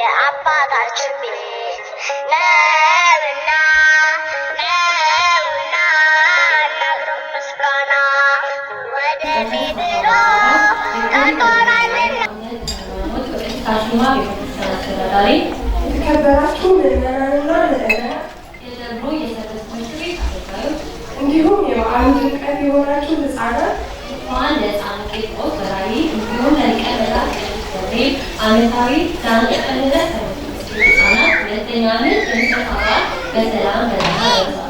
የአባታችን ቤት ነውና ነውና እናግረው ምስጋና ወደ ፌብሮ ዛሬ የተከበራችሁ ምዕመናንና ምዕመናት፣ የደብሩ የሰንበት ትምህርት ቤት አገልጋዮች፣ እንዲሁም የበዓሉ ድምቀት የሆናችሁ ህጻናት እንኳን ለህፃን ቂርቆስ በራዕይ እንዲሁም ለሊቀ መላእክት ቅዱስ ገብርኤል ዓመታዊ ሰንበት ትምህርት ቤት ሁለተኛ ዓመት በሰላም በደህና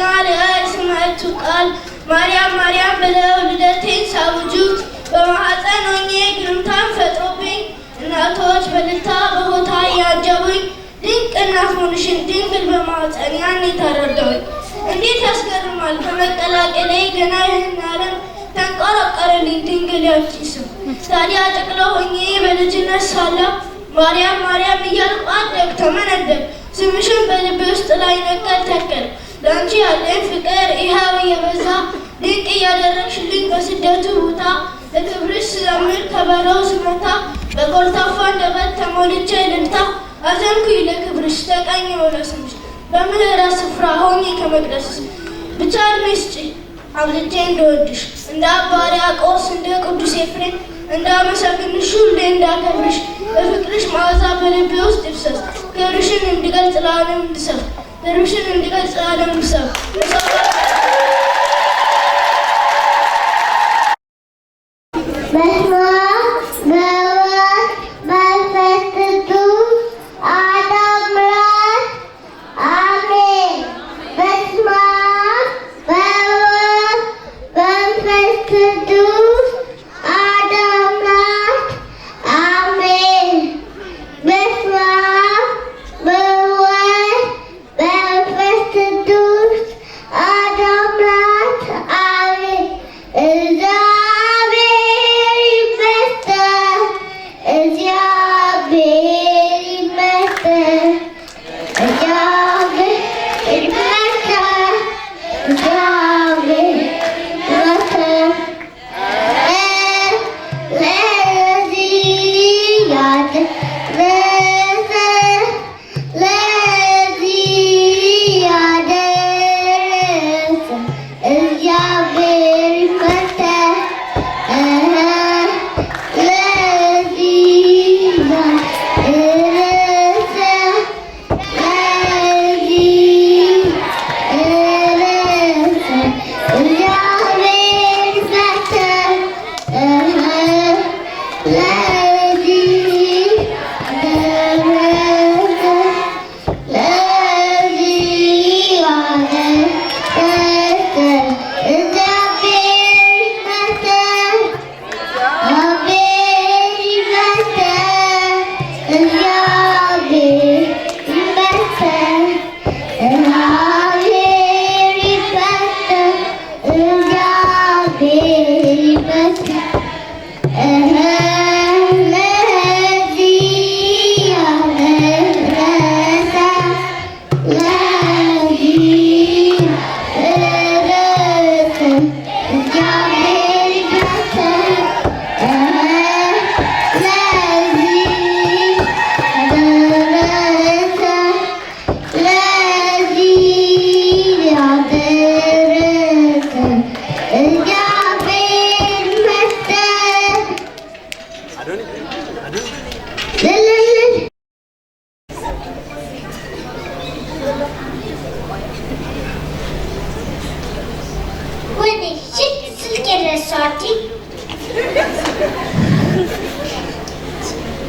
ቃልና ለያይስ መቱ ቃል ማርያም ማርያም ብለው ልደቴን ሳውጁት በማኅፀን ሆኜ ግርምታን ፈጥሮብኝ እናቶች በልታ በቦታ እያጀቡኝ ድንቅ እናት ሆንሽን ድንግል በማኅፀን ያን የተረዳሁኝ እንዴት ያስገርማል በመቀላቀሌ ገና ይህን ዓለም ተንቆረቆረልኝ ድንግል ያቺ ስም ታዲያ ጨቅላ ሆኜ በልጅነት ሳለሁ ማርያም ማርያም እያልኩ አደግ ተመነደግ ስምሽን በልቤ ውስጥ ላይ ነቀል ተከል ለአንቺ ያለን ፍቅር ይኸው የበዛ ድንቅ እያደረግሽልኝ በስደቱ ቦታ ለክብርሽ ስዘምር ከበረው ስመታ በኮልታፋ እንደበት ተሞልቼ ልምታ አዘንኩኝ ለክብርሽ ተቀኝ የሆነ ስምሽ በምህረት ስፍራ ሆኜ ከመቅደስሽ ብቻ እድሜ ስጪ እንደወድሽ እንደ አባሪያ ቆስ፣ እንደ ቅዱስ ኤፍሬም እንዳመሰግንሽ ሁሌ እንዳከብርሽ በፍቅርሽ መዓዛ በልቤ ውስጥ ይፍሰስ ክብርሽን እንድገልጽ ለዓለም እንድሰፍ Dervişin indiga tsarin musa. Musa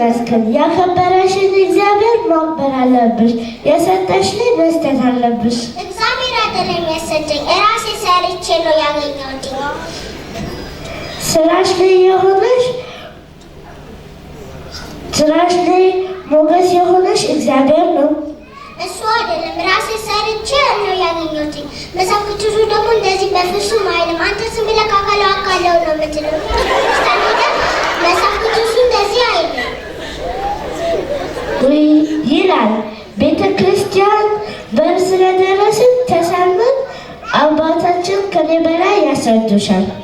መስክን ያከበረሽን እግዚአብሔር ማክበር አለብሽ። የሰጠሽን መስጠት አለብሽ። እግዚአብሔር አይደለም ያሰጠኝ እራሴ ሰርቼ ነው ያገኘሁት። ስራሽ ላይ የሆነሽ ስራሽ ላይ ሞገስ የሆነሽ እግዚአብሔር ነው። እሱ አይደለም ራሴ ሰርቼ ነው ያገኘሁት። መጽሐፍ ደግሞ እንደዚህ በፍጹም አይልም። አንተ ስም ብለህ ካካለው አካለው ነው የምትለው 说的多些。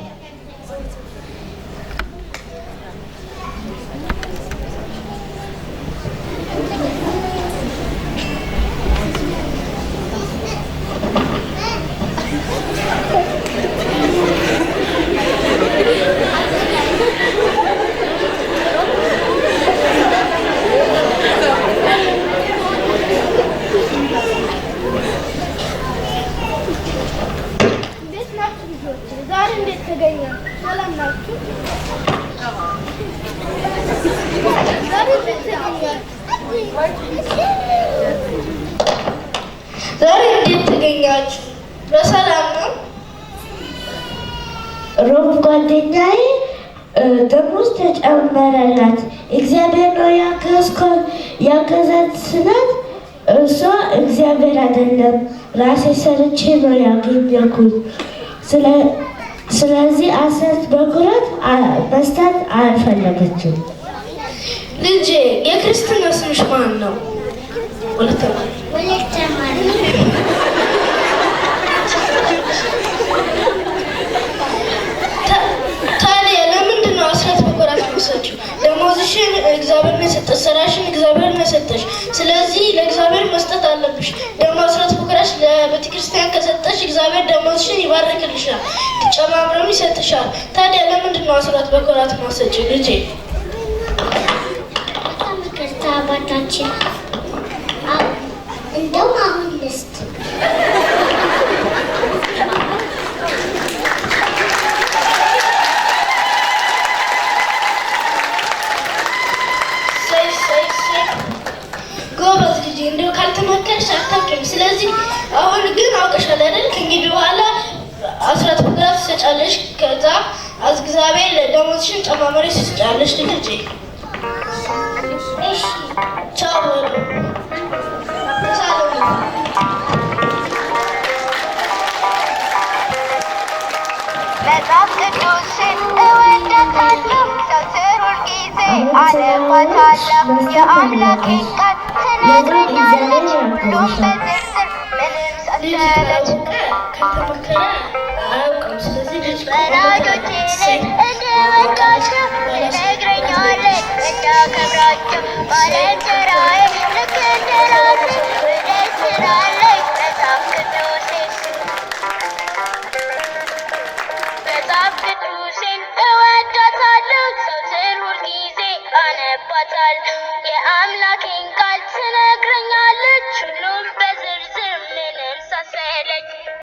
በሰላም ነው። ሮብ ጓደኛዬ ጥርሙዝ ተጨመረላት። እግዚአብሔር ነው ያገዛት ስላት እሷ እግዚአብሔር አይደለም ራሴ ሰርቼ ነው ያገኘኩት። ስለዚህ አስራት በኩራት መስጠት አልፈለገችም። ልጄ የክርስትና ስምሽ ማን ነው? ከሰጠሽ እግዚአብሔር ደሞዝሽን ይባርክልሻል፣ ጨማምሮም ይሰጥሻል። ታዲያ ለምንድን ነው አስራት በኩራት ማሰጭ ልጄ? aber es ist alles richtig. Ich. Ciao. Vedat Edus'un evinde tatlım Satırır gizi alem atarlım Ya ahlak ikat Senedrin yerle çıplum bezirsin Benim satırla çıkı Kata bakara Spera giochile e devo caccia le grignole e da cabraccio, ma le cerai, le che te la, le cerai.